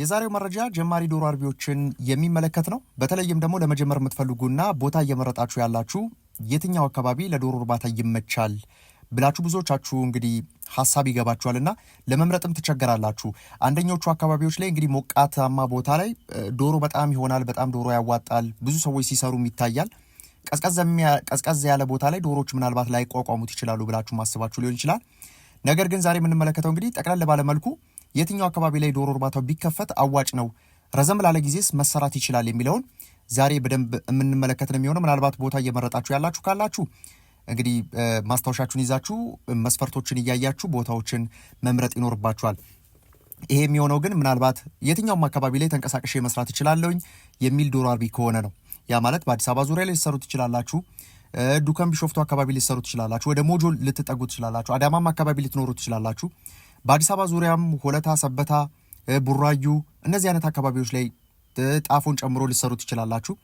የዛሬው መረጃ ጀማሪ ዶሮ አርቢዎችን የሚመለከት ነው። በተለይም ደግሞ ለመጀመር የምትፈልጉና ቦታ እየመረጣችሁ ያላችሁ የትኛው አካባቢ ለዶሮ እርባታ ይመቻል ብላችሁ ብዙዎቻችሁ እንግዲህ ሀሳብ ይገባችኋልና ለመምረጥም ትቸገራላችሁ። አንደኞቹ አካባቢዎች ላይ እንግዲህ ሞቃታማ ቦታ ላይ ዶሮ በጣም ይሆናል፣ በጣም ዶሮ ያዋጣል፣ ብዙ ሰዎች ሲሰሩም ይታያል። ቀዝቀዝ ያለ ቦታ ላይ ዶሮዎች ምናልባት ላይቋቋሙት ይችላሉ ብላችሁ ማስባችሁ ሊሆን ይችላል። ነገር ግን ዛሬ የምንመለከተው እንግዲህ ጠቅለል ባለመልኩ የትኛው አካባቢ ላይ ዶሮ እርባታው ቢከፈት አዋጭ ነው፣ ረዘም ላለ ጊዜስ መሰራት ይችላል የሚለውን ዛሬ በደንብ የምንመለከት ነው የሚሆነው። ምናልባት ቦታ እየመረጣችሁ ያላችሁ ካላችሁ እንግዲህ ማስታወሻችሁን ይዛችሁ መስፈርቶችን እያያችሁ ቦታዎችን መምረጥ ይኖርባችኋል። ይሄ የሚሆነው ግን ምናልባት የትኛውም አካባቢ ላይ ተንቀሳቅሼ መስራት እችላለሁኝ የሚል ዶሮ አርቢ ከሆነ ነው። ያ ማለት በአዲስ አበባ ዙሪያ ላይ ሊሰሩ ትችላላችሁ። ዱከም ቢሾፍቱ አካባቢ ሊሰሩ ትችላላችሁ። ወደ ሞጆ ልትጠጉ ትችላላችሁ። አዳማም አካባቢ ልትኖሩ ትችላላችሁ። በአዲስ አበባ ዙሪያም ሆለታ፣ ሰበታ፣ ቡራዩ እነዚህ አይነት አካባቢዎች ላይ ጣፎን ጨምሮ ሊሰሩት ይችላላችሁ።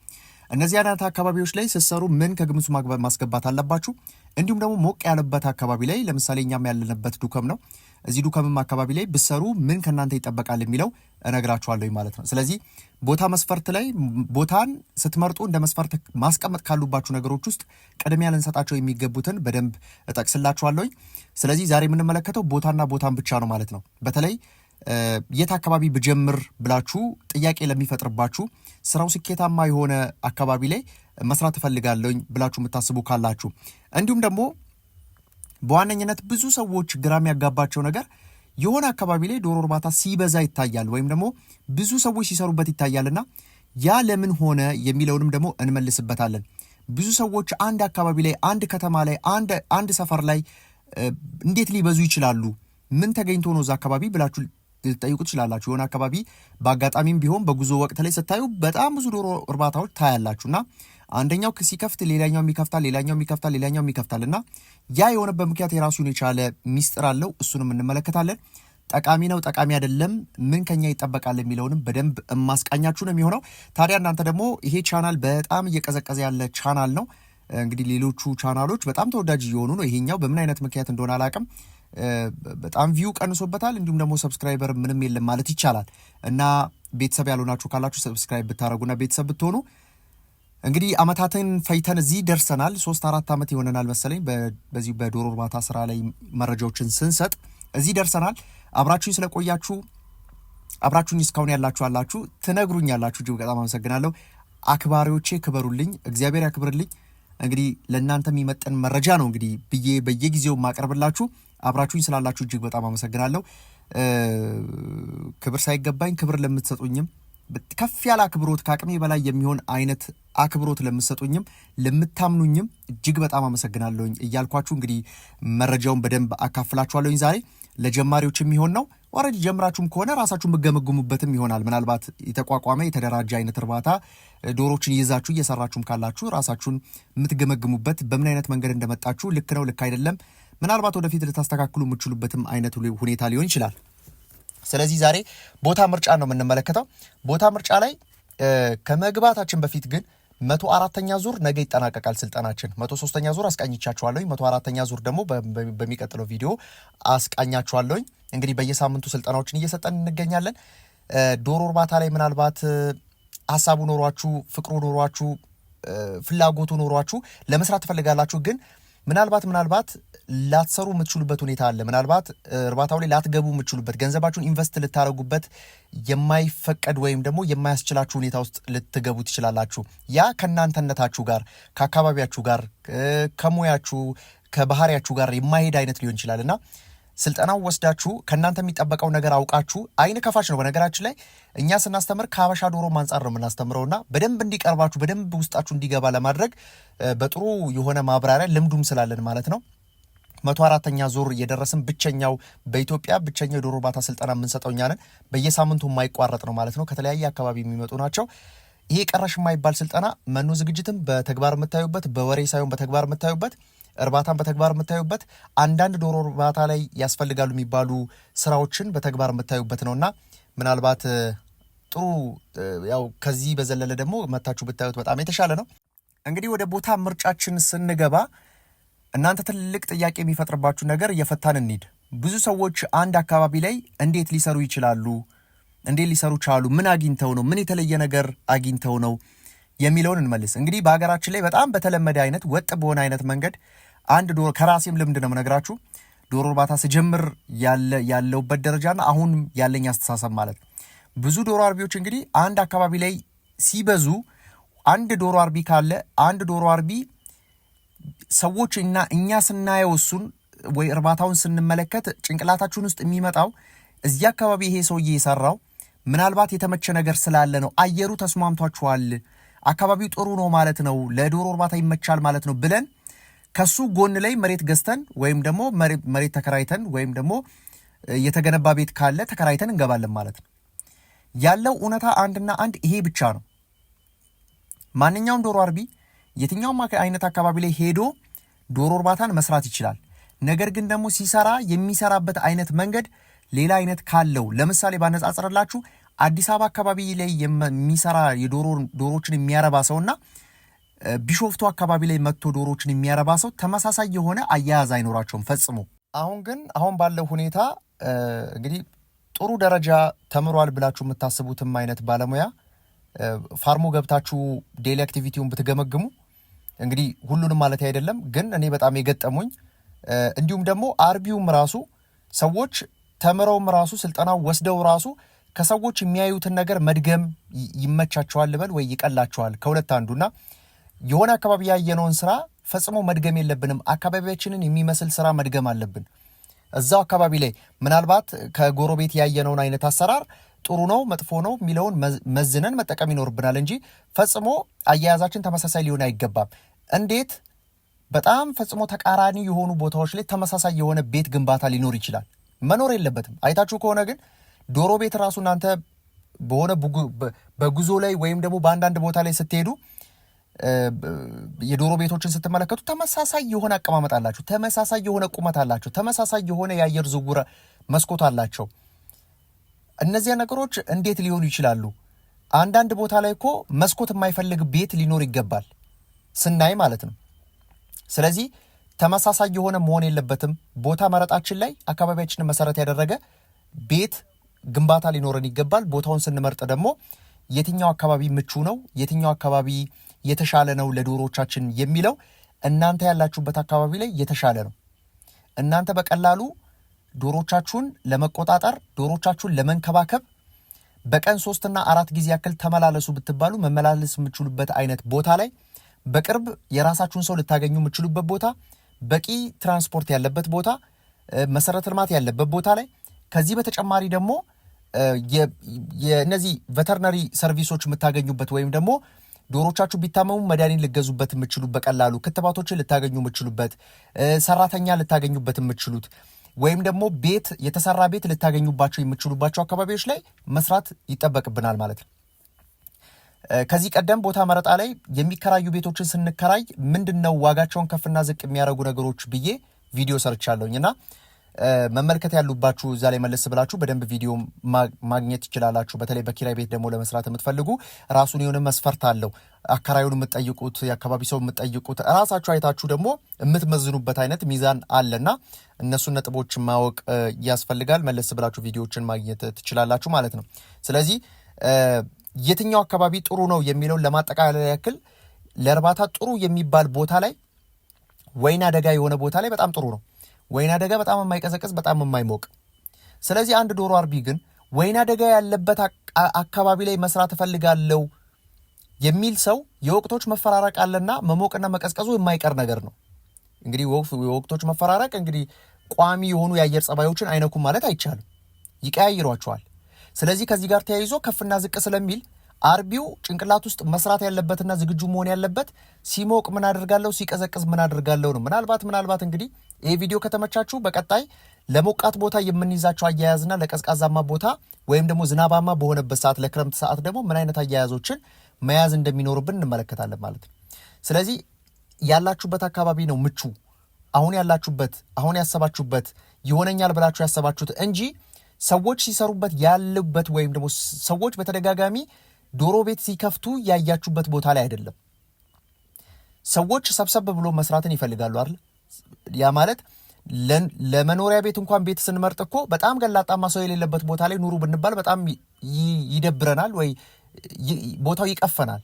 እነዚህ አናት አካባቢዎች ላይ ስትሰሩ ምን ከግምቱ ማስገባት አለባችሁ። እንዲሁም ደግሞ ሞቅ ያለበት አካባቢ ላይ ለምሳሌ እኛም ያለንበት ዱከም ነው። እዚህ ዱከምም አካባቢ ላይ ብሰሩ ምን ከእናንተ ይጠበቃል የሚለው እነግራችኋለሁ ማለት ነው። ስለዚህ ቦታ መስፈርት ላይ ቦታን ስትመርጡ እንደ መስፈርት ማስቀመጥ ካሉባችሁ ነገሮች ውስጥ ቅድሚያ ልንሰጣቸው የሚገቡትን በደንብ እጠቅስላችኋለሁኝ። ስለዚህ ዛሬ የምንመለከተው ቦታና ቦታን ብቻ ነው ማለት ነው። በተለይ የት አካባቢ ብጀምር ብላችሁ ጥያቄ ለሚፈጥርባችሁ ስራው ስኬታማ የሆነ አካባቢ ላይ መስራት እፈልጋለሁኝ ብላችሁ የምታስቡ ካላችሁ እንዲሁም ደግሞ በዋነኝነት ብዙ ሰዎች ግራ የሚያጋባቸው ነገር የሆነ አካባቢ ላይ ዶሮ እርባታ ሲበዛ ይታያል፣ ወይም ደግሞ ብዙ ሰዎች ሲሰሩበት ይታያልና ያ ለምን ሆነ የሚለውንም ደግሞ እንመልስበታለን። ብዙ ሰዎች አንድ አካባቢ ላይ አንድ ከተማ ላይ አንድ ሰፈር ላይ እንዴት ሊበዙ ይችላሉ? ምን ተገኝቶ ነው እዛ አካባቢ ብላችሁ ልትጠይቁ ትችላላችሁ። የሆነ አካባቢ በአጋጣሚም ቢሆን በጉዞ ወቅት ላይ ስታዩ በጣም ብዙ ዶሮ እርባታዎች ታያላችሁ እና አንደኛው ሲከፍት ሌላኛው ይከፍታል፣ ሌላኛው ይከፍታል፣ ሌላኛው ይከፍታል እና ያ የሆነበት ምክንያት የራሱን የቻለ ሚስጥር አለው። እሱንም እንመለከታለን። ጠቃሚ ነው ጠቃሚ አይደለም፣ ምን ከኛ ይጠበቃል የሚለውንም በደንብ እማስቃኛችሁ ነው የሚሆነው። ታዲያ እናንተ ደግሞ ይሄ ቻናል በጣም እየቀዘቀዘ ያለ ቻናል ነው እንግዲህ ሌሎቹ ቻናሎች በጣም ተወዳጅ እየሆኑ ነው። ይሄኛው በምን አይነት ምክንያት እንደሆነ አላውቅም። በጣም ቪው ቀንሶበታል፣ እንዲሁም ደግሞ ሰብስክራይበር ምንም የለም ማለት ይቻላል እና ቤተሰብ ያልሆናችሁ ካላችሁ ሰብስክራይብ ብታደረጉና ቤተሰብ ብትሆኑ እንግዲህ አመታትን ፈይተን እዚህ ደርሰናል። ሶስት አራት ዓመት ይሆነናል መሰለኝ በዚህ በዶሮ እርባታ ስራ ላይ መረጃዎችን ስንሰጥ እዚህ ደርሰናል። አብራችሁኝ ስለቆያችሁ አብራችሁኝ እስካሁን ያላችሁ አላችሁ ትነግሩኝ ያላችሁ እጅግ በጣም አመሰግናለሁ። አክባሪዎቼ ክበሩልኝ፣ እግዚአብሔር ያክብርልኝ። እንግዲህ ለእናንተ የሚመጠን መረጃ ነው እንግዲህ ብዬ በየጊዜው ማቀርብላችሁ። አብራችሁኝ ስላላችሁ እጅግ በጣም አመሰግናለሁ። ክብር ሳይገባኝ ክብር ለምትሰጡኝም ከፍ ያለ አክብሮት ከአቅሜ በላይ የሚሆን አይነት አክብሮት ለምትሰጡኝም ለምታምኑኝም እጅግ በጣም አመሰግናለሁኝ እያልኳችሁ እንግዲህ መረጃውን በደንብ አካፍላችኋለሁኝ ዛሬ ለጀማሪዎች የሚሆን ነው። ኦልሬዲ ጀምራችሁም ከሆነ ራሳችሁ የምገመግሙበትም ይሆናል። ምናልባት የተቋቋመ የተደራጀ አይነት እርባታ ዶሮችን ይዛችሁ እየሰራችሁም ካላችሁ ራሳችሁን የምትገመግሙበት በምን አይነት መንገድ እንደመጣችሁ ልክ ነው፣ ልክ አይደለም፣ ምናልባት ወደፊት ልታስተካክሉ የምችሉበትም አይነት ሁኔታ ሊሆን ይችላል። ስለዚህ ዛሬ ቦታ ምርጫ ነው የምንመለከተው። ቦታ ምርጫ ላይ ከመግባታችን በፊት ግን መቶ አራተኛ ዙር ነገ ይጠናቀቃል ስልጠናችን። መቶ ሶስተኛ ዙር አስቃኝቻችኋለሁኝ። መቶ አራተኛ ዙር ደግሞ በሚቀጥለው ቪዲዮ አስቃኛችኋለሁኝ። እንግዲህ በየሳምንቱ ስልጠናዎችን እየሰጠን እንገኛለን። ዶሮ እርባታ ላይ ምናልባት ሀሳቡ ኖሯችሁ ፍቅሩ ኖሯችሁ ፍላጎቱ ኖሯችሁ ለመስራት ትፈልጋላችሁ ግን ምናልባት ምናልባት ላትሰሩ የምትችሉበት ሁኔታ አለ። ምናልባት እርባታው ላይ ላትገቡ የምትችሉበት ገንዘባችሁን ኢንቨስት ልታደረጉበት የማይፈቀድ ወይም ደግሞ የማያስችላችሁ ሁኔታ ውስጥ ልትገቡ ትችላላችሁ። ያ ከእናንተነታችሁ ጋር ከአካባቢያችሁ ጋር ከሙያችሁ ከባህሪያችሁ ጋር የማይሄድ አይነት ሊሆን ይችላል እና ስልጠናው ወስዳችሁ ከእናንተ የሚጠበቀው ነገር አውቃችሁ አይን ከፋች ነው። በነገራችን ላይ እኛ ስናስተምር ከሀበሻ ዶሮ አንጻር ነው የምናስተምረው ና በደንብ እንዲቀርባችሁ በደንብ ውስጣችሁ እንዲገባ ለማድረግ በጥሩ የሆነ ማብራሪያ ልምዱም ስላለን ማለት ነው። መቶ አራተኛ ዙር የደረስን ብቸኛው በኢትዮጵያ ብቸኛው የዶሮ እርባታ ስልጠና የምንሰጠው እኛ ነን። በየሳምንቱ የማይቋረጥ ነው ማለት ነው። ከተለያየ አካባቢ የሚመጡ ናቸው። ይሄ ቀረሽ የማይባል ስልጠና መኖ ዝግጅትም በተግባር የምታዩበት በወሬ ሳይሆን በተግባር የምታዩበት እርባታን በተግባር የምታዩበት አንዳንድ ዶሮ እርባታ ላይ ያስፈልጋሉ የሚባሉ ስራዎችን በተግባር የምታዩበት ነውና ምናልባት ጥሩ ያው ከዚህ በዘለለ ደግሞ መታችሁ ብታዩት በጣም የተሻለ ነው። እንግዲህ ወደ ቦታ ምርጫችን ስንገባ እናንተ ትልቅ ጥያቄ የሚፈጥርባችሁ ነገር እየፈታን እንሂድ። ብዙ ሰዎች አንድ አካባቢ ላይ እንዴት ሊሰሩ ይችላሉ? እንዴት ሊሰሩ ቻሉ? ምን አግኝተው ነው? ምን የተለየ ነገር አግኝተው ነው? የሚለውን እንመልስ። እንግዲህ በሀገራችን ላይ በጣም በተለመደ አይነት ወጥ በሆነ አይነት መንገድ አንድ ዶሮ ከራሴም ልምድ ነው ነግራችሁ ዶሮ እርባታ ስጀምር ያለውበት ደረጃና አሁን ያለኝ አስተሳሰብ ማለት ነው። ብዙ ዶሮ አርቢዎች እንግዲህ አንድ አካባቢ ላይ ሲበዙ አንድ ዶሮ አርቢ ካለ አንድ ዶሮ አርቢ ሰዎች እና እኛ ስናየው እሱን ወይ እርባታውን ስንመለከት ጭንቅላታችሁን ውስጥ የሚመጣው እዚህ አካባቢ ይሄ ሰውዬ የሰራው ምናልባት የተመቸ ነገር ስላለ ነው፣ አየሩ ተስማምቷችኋል አካባቢው ጥሩ ነው ማለት ነው፣ ለዶሮ እርባታ ይመቻል ማለት ነው ብለን ከሱ ጎን ላይ መሬት ገዝተን ወይም ደግሞ መሬት ተከራይተን ወይም ደግሞ የተገነባ ቤት ካለ ተከራይተን እንገባለን ማለት ነው። ያለው እውነታ አንድና አንድ ይሄ ብቻ ነው። ማንኛውም ዶሮ አርቢ የትኛውም አይነት አካባቢ ላይ ሄዶ ዶሮ እርባታን መስራት ይችላል። ነገር ግን ደግሞ ሲሰራ የሚሰራበት አይነት መንገድ ሌላ አይነት ካለው ለምሳሌ ባነጻጽርላችሁ አዲስ አበባ አካባቢ ላይ የሚሰራ የዶሮ ዶሮዎችን የሚያረባ ሰውና ቢሾፍቱ አካባቢ ላይ መጥቶ ዶሮዎችን የሚያረባ ሰው ተመሳሳይ የሆነ አያያዝ አይኖራቸውም ፈጽሞ። አሁን ግን አሁን ባለው ሁኔታ እንግዲህ ጥሩ ደረጃ ተምሯል ብላችሁ የምታስቡትም አይነት ባለሙያ ፋርሞ ገብታችሁ ዴይሊ አክቲቪቲውን ብትገመግሙ እንግዲህ ሁሉንም ማለት አይደለም፣ ግን እኔ በጣም የገጠሙኝ እንዲሁም ደግሞ አርቢውም ራሱ ሰዎች ተምረውም ራሱ ስልጠናው ወስደው ራሱ ከሰዎች የሚያዩትን ነገር መድገም ይመቻቸዋል ልበል ወይ ይቀላቸዋል። ከሁለት አንዱና የሆነ አካባቢ ያየነውን ስራ ፈጽሞ መድገም የለብንም። አካባቢያችንን የሚመስል ስራ መድገም አለብን። እዛው አካባቢ ላይ ምናልባት ከጎረቤት ያየነውን አይነት አሰራር ጥሩ ነው መጥፎ ነው የሚለውን መዝነን መጠቀም ይኖርብናል እንጂ ፈጽሞ አያያዛችን ተመሳሳይ ሊሆን አይገባም። እንዴት በጣም ፈጽሞ ተቃራኒ የሆኑ ቦታዎች ላይ ተመሳሳይ የሆነ ቤት ግንባታ ሊኖር ይችላል? መኖር የለበትም። አይታችሁ ከሆነ ግን ዶሮ ቤት ራሱ እናንተ በሆነ በጉዞ ላይ ወይም ደግሞ በአንዳንድ ቦታ ላይ ስትሄዱ የዶሮ ቤቶችን ስትመለከቱ ተመሳሳይ የሆነ አቀማመጥ አላቸው፣ ተመሳሳይ የሆነ ቁመት አላቸው፣ ተመሳሳይ የሆነ የአየር ዝውውር መስኮት አላቸው። እነዚያ ነገሮች እንዴት ሊሆኑ ይችላሉ? አንዳንድ ቦታ ላይ እኮ መስኮት የማይፈልግ ቤት ሊኖር ይገባል ስናይ ማለት ነው። ስለዚህ ተመሳሳይ የሆነ መሆን የለበትም። ቦታ መረጣችን ላይ አካባቢያችንን መሰረት ያደረገ ቤት ግንባታ ሊኖረን ይገባል። ቦታውን ስንመርጥ ደግሞ የትኛው አካባቢ ምቹ ነው፣ የትኛው አካባቢ የተሻለ ነው ለዶሮቻችን የሚለው እናንተ ያላችሁበት አካባቢ ላይ የተሻለ ነው። እናንተ በቀላሉ ዶሮቻችሁን ለመቆጣጠር ዶሮቻችሁን ለመንከባከብ በቀን ሶስትና አራት ጊዜ ያክል ተመላለሱ ብትባሉ መመላለስ የምችሉበት አይነት ቦታ ላይ በቅርብ የራሳችሁን ሰው ልታገኙ የምችሉበት ቦታ፣ በቂ ትራንስፖርት ያለበት ቦታ፣ መሰረተ ልማት ያለበት ቦታ ላይ ከዚህ በተጨማሪ ደግሞ የነዚህ ቬተርነሪ ሰርቪሶች የምታገኙበት ወይም ደግሞ ዶሮቻችሁ ቢታመሙ መድኃኒት ልገዙበት የምችሉ በቀላሉ ክትባቶችን ልታገኙ የምችሉበት ሰራተኛ ልታገኙበት የምችሉት ወይም ደግሞ ቤት የተሰራ ቤት ልታገኙባቸው የምችሉባቸው አካባቢዎች ላይ መስራት ይጠበቅብናል ማለት ነው። ከዚህ ቀደም ቦታ መረጣ ላይ የሚከራዩ ቤቶችን ስንከራይ ምንድን ነው ዋጋቸውን ከፍና ዝቅ የሚያደርጉ ነገሮች ብዬ ቪዲዮ ሰርቻለሁኝ እና መመልከት ያሉባችሁ እዛ ላይ መለስ ብላችሁ በደንብ ቪዲዮ ማግኘት ትችላላችሁ። በተለይ በኪራይ ቤት ደግሞ ለመስራት የምትፈልጉ ራሱን የሆነ መስፈርት አለው። አከራዩን የምትጠይቁት፣ የአካባቢ ሰው የምትጠይቁት፣ ራሳችሁ አይታችሁ ደግሞ የምትመዝኑበት አይነት ሚዛን አለና እነሱን ነጥቦች ማወቅ ያስፈልጋል። መለስ ብላችሁ ቪዲዮዎችን ማግኘት ትችላላችሁ ማለት ነው። ስለዚህ የትኛው አካባቢ ጥሩ ነው የሚለውን ለማጠቃለያ ያክል ለእርባታ ጥሩ የሚባል ቦታ ላይ ወይን አደጋ የሆነ ቦታ ላይ በጣም ጥሩ ነው። ወይና ደጋ በጣም የማይቀዘቅዝ በጣም የማይሞቅ ስለዚህ አንድ ዶሮ አርቢ ግን ወይና ደጋ ያለበት አካባቢ ላይ መስራት እፈልጋለሁ የሚል ሰው የወቅቶች መፈራረቅ አለና መሞቅና መቀዝቀዙ የማይቀር ነገር ነው። እንግዲህ የወቅቶች መፈራረቅ እንግዲህ ቋሚ የሆኑ የአየር ጸባዮችን አይነኩም ማለት አይቻልም፣ ይቀያይሯቸዋል። ስለዚህ ከዚህ ጋር ተያይዞ ከፍና ዝቅ ስለሚል አርቢው ጭንቅላት ውስጥ መስራት ያለበትና ዝግጁ መሆን ያለበት ሲሞቅ ምን አድርጋለሁ፣ ሲቀዘቅዝ ምን አድርጋለሁ ነው። ምናልባት ምናልባት እንግዲህ ይህ ቪዲዮ ከተመቻችሁ በቀጣይ ለሞቃት ቦታ የምንይዛቸው አያያዝና ለቀዝቃዛማ ቦታ ወይም ደግሞ ዝናባማ በሆነበት ሰዓት ለክረምት ሰዓት ደግሞ ምን አይነት አያያዞችን መያዝ እንደሚኖርብን እንመለከታለን ማለት ነው። ስለዚህ ያላችሁበት አካባቢ ነው ምቹ አሁን ያላችሁበት አሁን ያሰባችሁበት ይሆነኛል ብላችሁ ያሰባችሁት እንጂ ሰዎች ሲሰሩበት ያሉበት ወይም ደግሞ ሰዎች በተደጋጋሚ ዶሮ ቤት ሲከፍቱ ያያችሁበት ቦታ ላይ አይደለም። ሰዎች ሰብሰብ ብሎ መስራትን ይፈልጋሉ አይደል? ያ ማለት ለመኖሪያ ቤት እንኳን ቤት ስንመርጥ እኮ በጣም ገላጣማ ሰው የሌለበት ቦታ ላይ ኑሩ ብንባል በጣም ይደብረናል፣ ወይ ቦታው ይቀፈናል፣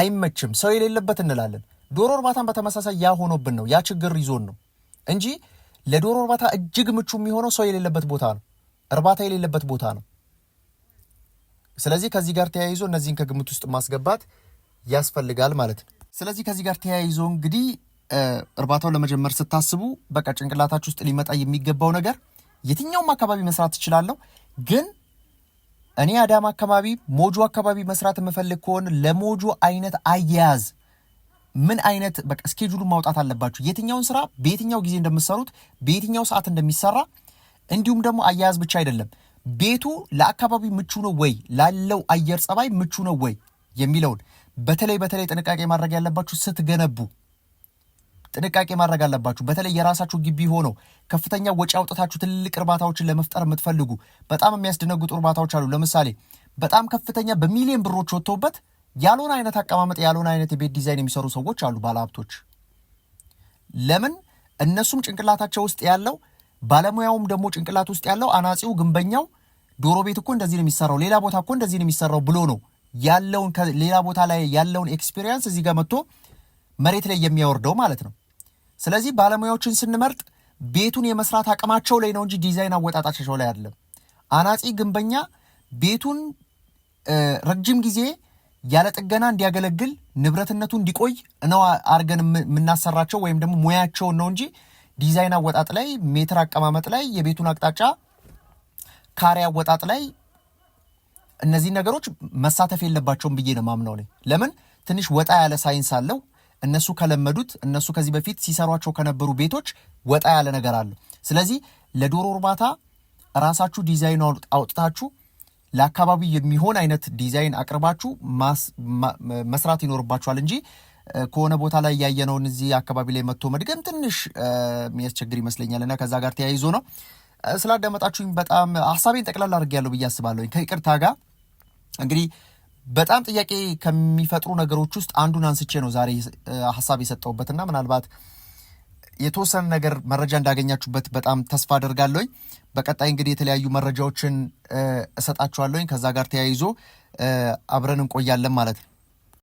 አይመችም፣ ሰው የሌለበት እንላለን። ዶሮ እርባታን በተመሳሳይ ያ ሆኖብን ነው፣ ያ ችግር ይዞን ነው እንጂ ለዶሮ እርባታ እጅግ ምቹ የሚሆነው ሰው የሌለበት ቦታ ነው፣ እርባታ የሌለበት ቦታ ነው። ስለዚህ ከዚህ ጋር ተያይዞ እነዚህን ከግምት ውስጥ ማስገባት ያስፈልጋል ማለት ነው። ስለዚህ ከዚህ ጋር ተያይዞ እንግዲህ እርባታውን ለመጀመር ስታስቡ በቃ ጭንቅላታችሁ ውስጥ ሊመጣ የሚገባው ነገር የትኛውም አካባቢ መስራት ትችላለሁ፣ ግን እኔ አዳማ አካባቢ ሞጆ አካባቢ መስራት የምፈልግ ከሆነ ለሞጆ አይነት አያያዝ ምን አይነት በቃ እስኬጁሉን ማውጣት አለባችሁ። የትኛውን ስራ በየትኛው ጊዜ እንደምሰሩት በየትኛው ሰዓት እንደሚሰራ እንዲሁም ደግሞ አያያዝ ብቻ አይደለም ቤቱ ለአካባቢ ምቹ ነው ወይ፣ ላለው አየር ጸባይ ምቹ ነው ወይ የሚለውን በተለይ በተለይ ጥንቃቄ ማድረግ ያለባችሁ ስትገነቡ ጥንቃቄ ማድረግ አለባችሁ። በተለይ የራሳችሁ ግቢ ሆኖ ከፍተኛ ወጪ አውጥታችሁ ትልልቅ እርባታዎችን ለመፍጠር የምትፈልጉ በጣም የሚያስደነግጡ እርባታዎች አሉ። ለምሳሌ በጣም ከፍተኛ በሚሊዮን ብሮች ወጥተውበት ያልሆነ አይነት አቀማመጥ ያልሆነ አይነት የቤት ዲዛይን የሚሰሩ ሰዎች አሉ፣ ባለሀብቶች። ለምን እነሱም ጭንቅላታቸው ውስጥ ያለው ባለሙያውም ደግሞ ጭንቅላት ውስጥ ያለው አናጺው፣ ግንበኛው ዶሮ ቤት እኮ እንደዚህ ነው የሚሰራው፣ ሌላ ቦታ እኮ እንደዚህ ነው የሚሰራው ብሎ ነው ያለውን ሌላ ቦታ ላይ ያለውን ኤክስፒሪየንስ እዚህ ጋር መጥቶ መሬት ላይ የሚያወርደው ማለት ነው። ስለዚህ ባለሙያዎችን ስንመርጥ ቤቱን የመስራት አቅማቸው ላይ ነው እንጂ ዲዛይን አወጣጣቸው ላይ አይደለም። አናጺ ግንበኛ ቤቱን ረጅም ጊዜ ያለ ጥገና እንዲያገለግል ንብረትነቱ እንዲቆይ ነው አድርገን የምናሰራቸው ወይም ደግሞ ሙያቸውን ነው እንጂ ዲዛይን አወጣጥ ላይ ሜትር አቀማመጥ ላይ የቤቱን አቅጣጫ ካሬ አወጣጥ ላይ እነዚህ ነገሮች መሳተፍ የለባቸውም ብዬ ነው ማምነው። ለምን ትንሽ ወጣ ያለ ሳይንስ አለው። እነሱ ከለመዱት እነሱ ከዚህ በፊት ሲሰሯቸው ከነበሩ ቤቶች ወጣ ያለ ነገር አለው። ስለዚህ ለዶሮ እርባታ ራሳችሁ ዲዛይን አውጥታችሁ ለአካባቢ የሚሆን አይነት ዲዛይን አቅርባችሁ መስራት ይኖርባችኋል እንጂ ከሆነ ቦታ ላይ ያየነውን እዚህ አካባቢ ላይ መጥቶ መድገም ትንሽ የሚያስቸግር ይመስለኛል እና ከዛ ጋር ተያይዞ ነው ስላዳመጣችሁኝ በጣም ሀሳቤን ጠቅላላ አድርጌያለሁ ብዬ አስባለሁ። ከይቅርታ ጋር እንግዲህ በጣም ጥያቄ ከሚፈጥሩ ነገሮች ውስጥ አንዱን አንስቼ ነው ዛሬ ሀሳብ የሰጠሁበትና ምናልባት የተወሰነ ነገር መረጃ እንዳገኛችሁበት በጣም ተስፋ አደርጋለሁኝ። በቀጣይ እንግዲህ የተለያዩ መረጃዎችን እሰጣችኋለሁኝ። ከዛ ጋር ተያይዞ አብረን እንቆያለን ማለት ነው።